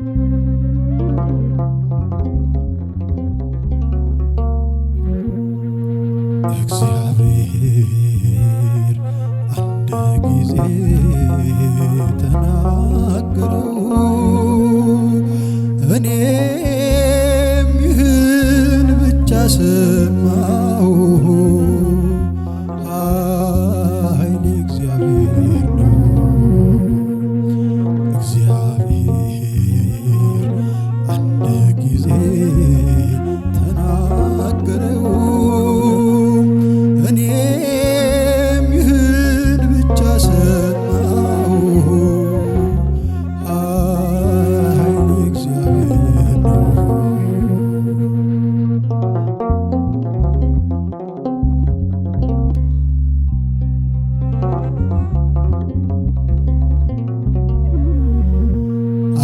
እግዚአብሔር አንድ ጊዜ ተናገረው፣ እኔም ይህን ብቻ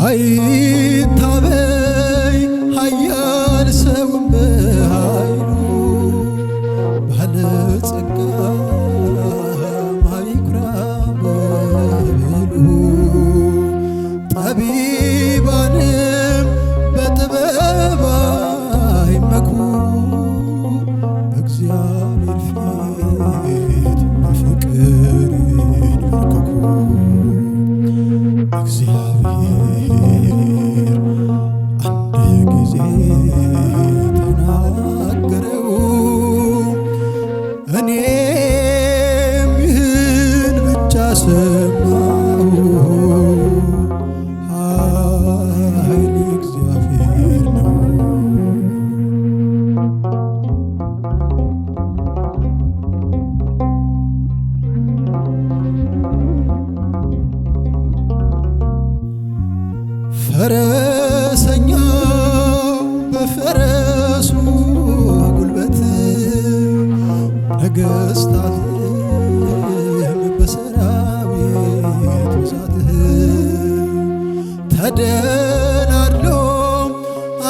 አይታበይ ኃያል ሰውን በኃይሉ ባለጸጋ ፈረሰኛው በፈረሱ ጉልበት ነገሥታት ያድናሉ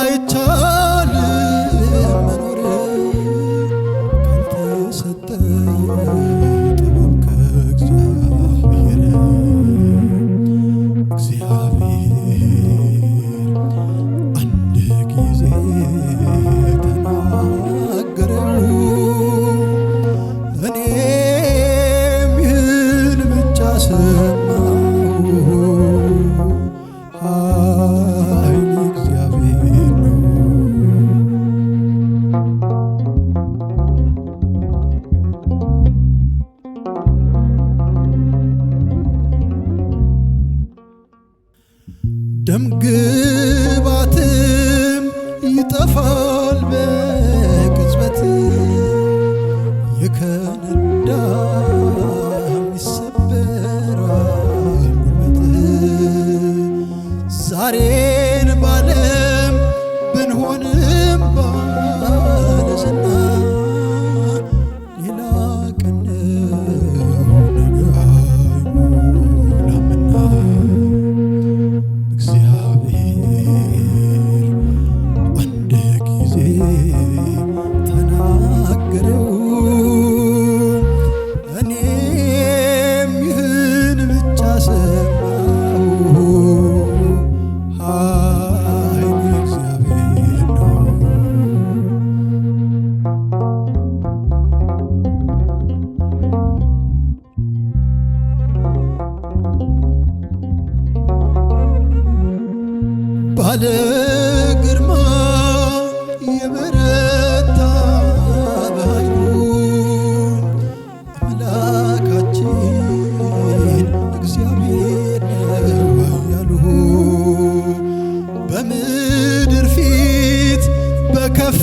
አይቻ ግባትም ይጠፋል በቅጽበት የከነዳ ባለ ግርማ የበረታ ባይሩ አምላካችን እግዚአብሔር ነው ያሉ በምድር ፊት በከፍ